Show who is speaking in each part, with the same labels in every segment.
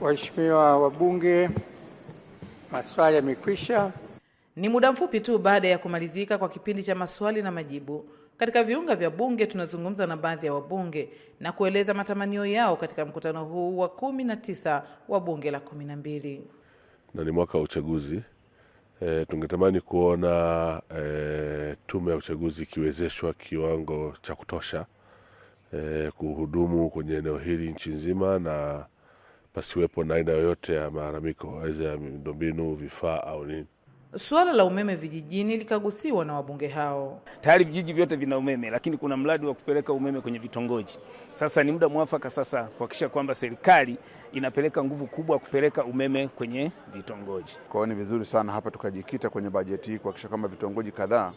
Speaker 1: Waheshimiwa wabunge, maswali yamekwisha.
Speaker 2: Ni muda mfupi tu baada ya kumalizika kwa kipindi cha maswali na majibu katika viunga vya Bunge, tunazungumza na baadhi ya wabunge na kueleza matamanio yao katika mkutano huu wa kumi na tisa wa Bunge la kumi na mbili
Speaker 3: na ni mwaka wa uchaguzi. E, tungetamani kuona e, tume ya uchaguzi ikiwezeshwa kiwango cha kutosha e, kuhudumu kwenye eneo hili nchi nzima na pasiwepo na aina yoyote ya maharamiko aweza ya miundombinu, vifaa au nini.
Speaker 2: Suala la umeme vijijini likagusiwa na wabunge hao.
Speaker 4: Tayari vijiji vyote vina umeme, lakini kuna mradi wa kupeleka umeme kwenye vitongoji. Sasa ni muda mwafaka sasa kuhakikisha kwamba serikali inapeleka nguvu kubwa kupeleka umeme kwenye vitongoji.
Speaker 5: kwao ni vizuri sana hapa tukajikita kwenye bajeti hii kuhakikisha kwamba vitongoji kadhaa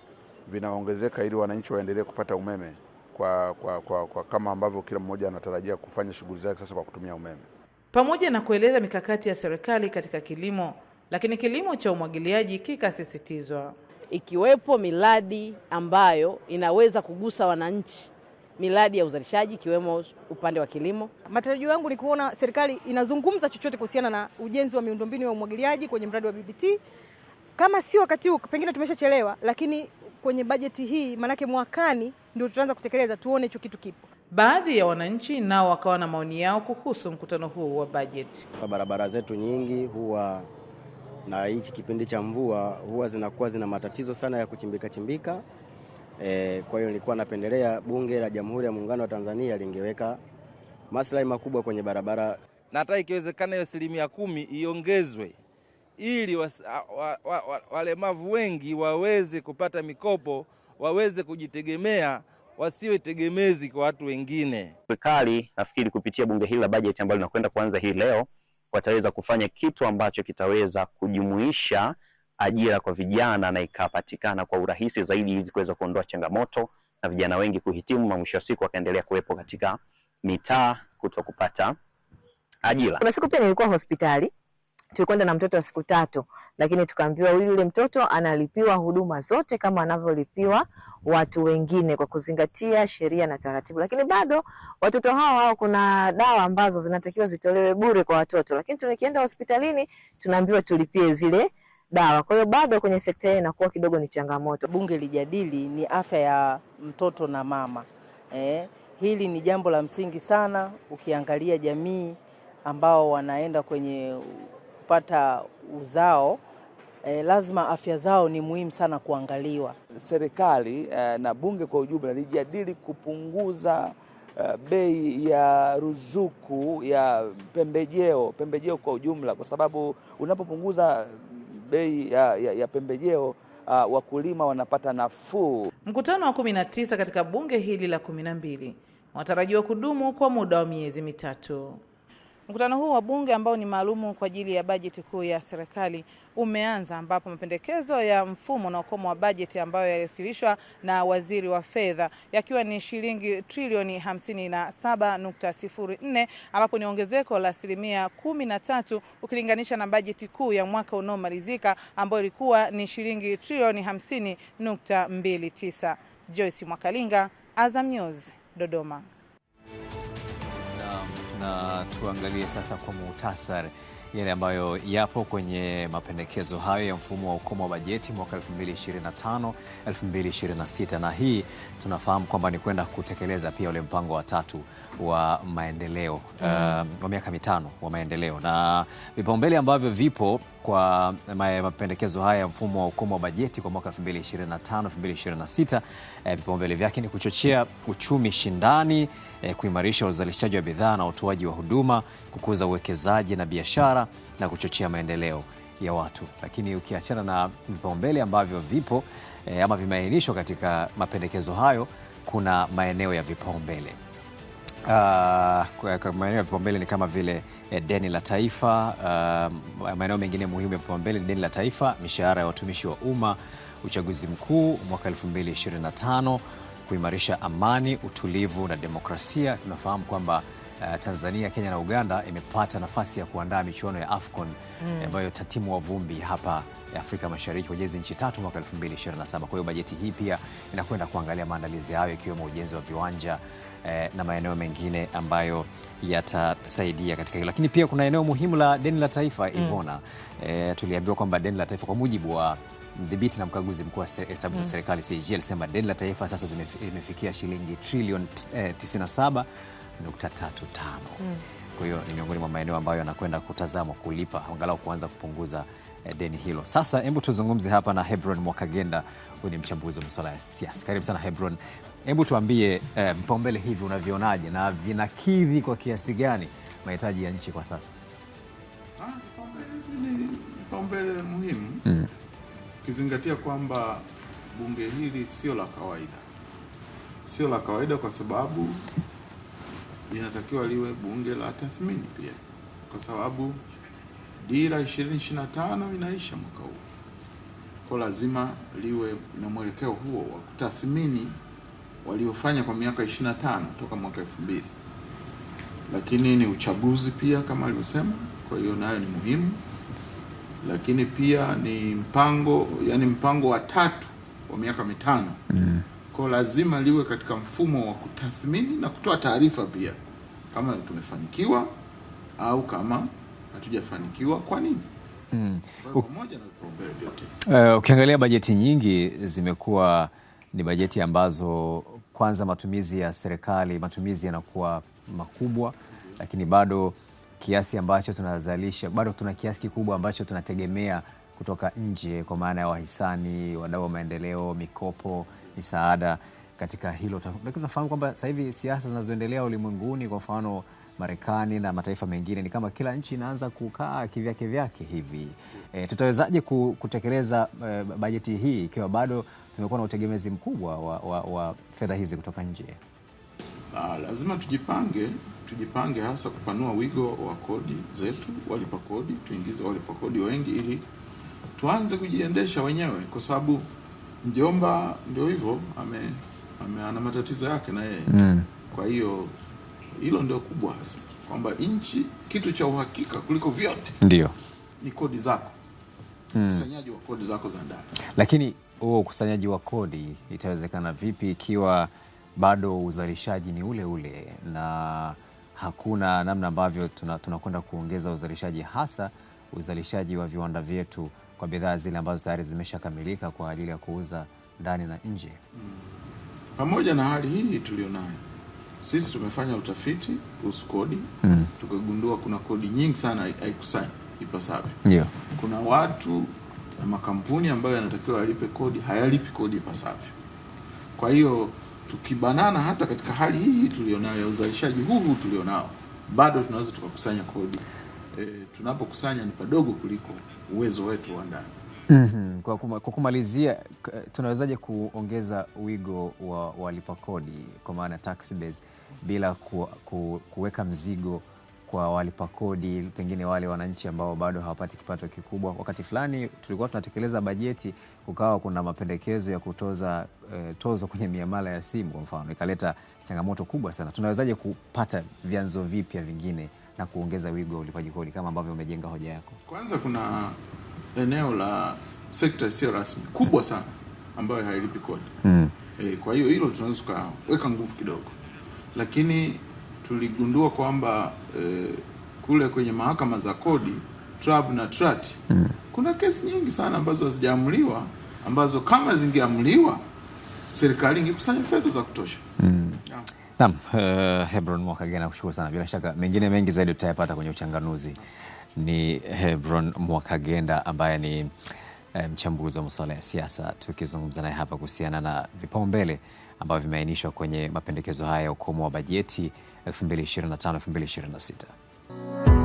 Speaker 5: vinaongezeka ili wananchi waendelee kupata umeme kwa, kwa, kwa, kwa kama ambavyo kila mmoja anatarajia kufanya shughuli zake sasa kwa kutumia umeme
Speaker 2: pamoja na kueleza mikakati ya serikali katika kilimo, lakini kilimo cha umwagiliaji kikasisitizwa,
Speaker 6: ikiwepo miradi ambayo inaweza kugusa wananchi, miradi ya uzalishaji ikiwemo upande wa kilimo.
Speaker 7: Matarajio yangu ni kuona serikali inazungumza chochote kuhusiana na ujenzi wa miundombinu ya umwagiliaji kwenye mradi wa BBT, kama sio wakati huu, pengine tumeshachelewa, lakini kwenye bajeti hii, maanake mwakani ndio tutaanza kutekeleza, tuone hicho kitu kipo.
Speaker 2: Baadhi ya wananchi nao wakawa na maoni yao kuhusu mkutano huu wa bajeti.
Speaker 8: Barabara zetu nyingi huwa na hichi kipindi cha mvua huwa zinakuwa zina matatizo sana ya kuchimbika chimbika. E, kwa hiyo nilikuwa napendelea Bunge la Jamhuri ya Muungano wa Tanzania lingeweka maslahi makubwa kwenye barabara,
Speaker 9: na hata ikiwezekana hiyo asilimia kumi iongezwe ili walemavu wa, wa, wa, wengi waweze kupata mikopo waweze kujitegemea wasiwe tegemezi kwa watu wengine.
Speaker 10: Serikali nafikiri kupitia bunge hili la bajeti ambalo linakwenda kuanza hii leo wataweza kufanya kitu ambacho kitaweza kujumuisha ajira kwa vijana na ikapatikana kwa urahisi zaidi hivi kuweza kuondoa changamoto na vijana wengi kuhitimu na mwisho wa siku wakaendelea kuwepo katika mitaa kuto kupata ajira.
Speaker 11: Kuna siku pia nilikuwa hospitali tulikwenda na mtoto wa siku tatu, lakini tukaambiwa huyu yule mtoto analipiwa huduma zote kama anavyolipiwa watu wengine kwa kuzingatia sheria na taratibu. Lakini bado watoto hao hao, kuna dawa ambazo zinatakiwa zitolewe bure kwa watoto, lakini tukienda hospitalini tunaambiwa tulipie zile dawa. Kwa hiyo bado kwenye sekta hii inakuwa kidogo ni changamoto.
Speaker 12: Bunge lijadili ni afya ya mtoto na mama eh, hili ni jambo la msingi sana, ukiangalia jamii ambao wanaenda kwenye kupata uzao eh, lazima afya zao ni muhimu sana kuangaliwa.
Speaker 13: Serikali eh, na bunge kwa ujumla lijadili kupunguza Uh, bei ya ruzuku ya pembejeo pembejeo kwa ujumla, kwa sababu unapopunguza bei ya, ya, ya pembejeo Uh, wakulima wanapata nafuu.
Speaker 2: Mkutano wa 19 katika bunge hili la 12 wanatarajiwa kudumu kwa muda wa miezi mitatu. Mkutano huu wa bunge ambao ni maalumu kwa ajili ya bajeti kuu ya serikali umeanza ambapo mapendekezo ya mfumo na ukomo wa bajeti ambayo yaliwasilishwa na waziri wa fedha yakiwa ni shilingi trilioni 57.04 ambapo ni ongezeko la asilimia kumi na tatu ukilinganisha na bajeti kuu ya mwaka unaomalizika ambayo ilikuwa ni shilingi trilioni 50.29. Joyce Mwakalinga, Azam News, Dodoma
Speaker 14: na tuangalie sasa kwa muhtasari yale ambayo yapo kwenye mapendekezo hayo ya mfumo wa ukomo wa bajeti mwaka 2025 2026, na hii tunafahamu kwamba ni kwenda kutekeleza pia ule mpango wa tatu wa maendeleo mm. uh, wa miaka mitano wa maendeleo, na vipaumbele ambavyo vipo kwa mapendekezo haya ya mfumo wa ukomo wa bajeti kwa mwaka 2025 2026, eh, vipaumbele vyake ni kuchochea uchumi shindani, eh, kuimarisha uzalishaji wa bidhaa na utoaji wa huduma, kukuza uwekezaji na biashara na kuchochea maendeleo ya watu. Lakini ukiachana na vipaumbele ambavyo vipo e, ama vimeainishwa katika mapendekezo hayo, kuna maeneo ya vipaumbele uh, maeneo ya vipaumbele ni kama vile eh, deni la taifa. Uh, maeneo mengine muhimu ya vipaumbele ni deni la taifa, mishahara ya watumishi wa umma, uchaguzi mkuu mwaka 2025, kuimarisha amani, utulivu na demokrasia. Tunafahamu kwamba Eh, Tanzania, Kenya na Uganda imepata nafasi ya kuandaa michuano ya AFCON mm. ambayo mm. tatimu wa vumbi hapa Afrika Mashariki hujezi nchi tatu mwaka 2027. Kwa hiyo bajeti hii pia inakwenda kuangalia maandalizi hayo ikiwemo ujenzi wa viwanja eh, na maeneo mengine ambayo yatasaidia katika hilo, lakini pia kuna eneo muhimu la deni la taifa mm. Ivona. mm. Eh, tuliambiwa kwamba deni la taifa kwa mujibu wa mdhibiti na mkaguzi mkuu wa hesabu za mm. serikali CAG alisema deni la taifa sasa zimefikia shilingi trilioni eh, 97 0.35. Mm. Kwa hiyo ni miongoni mwa maeneo ambayo yanakwenda kutazamwa kulipa angalau kuanza kupunguza eh, deni hilo. Sasa hebu tuzungumze hapa na Hebron Mwakagenda, huyu ni mchambuzi wa masuala ya siasa. Karibu sana Hebron, hebu tuambie eh, vipaumbele eh, hivi unavionaje na vinakidhi kwa kiasi gani mahitaji ya nchi kwa sasa?
Speaker 15: Ah, vipaumbele muhimu mm, kwamba bunge hili sio la kawaida, sio la kawaida kwa sababu linatakiwa liwe bunge la tathmini pia, kwa sababu dira 2025 inaisha mwaka huu, kwa lazima liwe na mwelekeo huo wa kutathmini waliofanya kwa miaka 25 toka mwaka 2000. Lakini ni uchaguzi pia kama alivyosema, kwa hiyo nayo ni muhimu. Lakini pia ni mpango, yani mpango wa tatu wa miaka mitano mm. Kwa lazima liwe katika mfumo wa kutathmini na kutoa taarifa pia kama tumefanikiwa au kama hatujafanikiwa kwa nini. Mm. Uh,
Speaker 14: ukiangalia bajeti nyingi zimekuwa ni bajeti ambazo kwanza matumizi ya serikali, matumizi yanakuwa makubwa, lakini bado kiasi ambacho tunazalisha, bado tuna kiasi kikubwa ambacho tunategemea kutoka nje, kwa maana ya wahisani, wadau wa maendeleo, mikopo, misaada katika hilo, lakini tunafahamu kwamba sasa hivi siasa zinazoendelea ulimwenguni, kwa mfano Marekani na mataifa mengine, ni kama kila nchi inaanza kukaa kivyake vyake hivi. E, tutawezaje kutekeleza e, bajeti hii ikiwa bado tumekuwa na utegemezi mkubwa wa, wa, wa fedha hizi kutoka nje?
Speaker 15: Ah, lazima tujipange, tujipange hasa kupanua wigo wa kodi zetu, walipa kodi, tuingize walipa kodi wengi ili tuanze kujiendesha wenyewe, kwa sababu mjomba ndio hivyo ame ana matatizo yake na yeye mm. Kwa hiyo hilo ndio kubwa hasa kwamba nchi, kitu cha uhakika kuliko vyote ndio ni kodi zako mm. wa kodi zako za ndani.
Speaker 14: Lakini huo ukusanyaji wa kodi itawezekana vipi ikiwa bado uzalishaji ni ule ule na hakuna namna ambavyo tunakwenda tuna kuongeza uzalishaji, hasa uzalishaji wa viwanda vyetu kwa bidhaa zile ambazo tayari zimeshakamilika kwa ajili ya kuuza ndani na nje mm.
Speaker 15: Pamoja na hali hii tulionayo, sisi tumefanya utafiti kuhusu kodi mm. tukagundua kuna kodi nyingi sana haikusanyi ipasavyo. Yeah. Kuna watu na makampuni ambayo yanatakiwa yalipe kodi hayalipi kodi ipasavyo. Kwa hiyo tukibanana hata katika hali hii tulionayo ya uzalishaji huu tulionao, bado tunaweza tukakusanya kodi e, tunapokusanya ni padogo kuliko uwezo wetu wa ndani.
Speaker 14: Mm -hmm. Kwa, kumalizia tunawezaje kuongeza wigo wa walipa kodi kwa maana tax base bila ku, ku, kuweka mzigo kwa walipa kodi, pengine wale wananchi ambao bado hawapati kipato kikubwa. Wakati fulani tulikuwa tunatekeleza bajeti, kukawa kuna mapendekezo ya kutoza eh, tozo kwenye miamala ya simu kwa mfano, ikaleta changamoto kubwa sana. Tunawezaje kupata vyanzo vipya vingine na kuongeza wigo wa ulipaji kodi kama ambavyo umejenga hoja yako?
Speaker 15: Kwanza kuna eneo la sekta isiyo rasmi kubwa sana ambayo hailipi kodi mm. E, kwa hiyo hilo tunaweza tukaweka nguvu kidogo, lakini tuligundua kwamba e, kule kwenye mahakama za kodi TRAB na TRAT mm. kuna kesi nyingi sana ambazo hazijaamuliwa ambazo kama zingeamuliwa serikali ingekusanya fedha za kutosha mm.
Speaker 14: yeah. Naam, uh, Hebron Mwakagena, nakushukuru sana. Bila shaka mengine mengi zaidi tutayapata kwenye uchanganuzi ni Hebron Mwakagenda ambaye ni eh, mchambuzi wa masuala ya siasa, tukizungumza naye hapa kuhusiana na vipaumbele ambavyo vimeainishwa kwenye mapendekezo haya ya ukomo wa bajeti 2025 2026.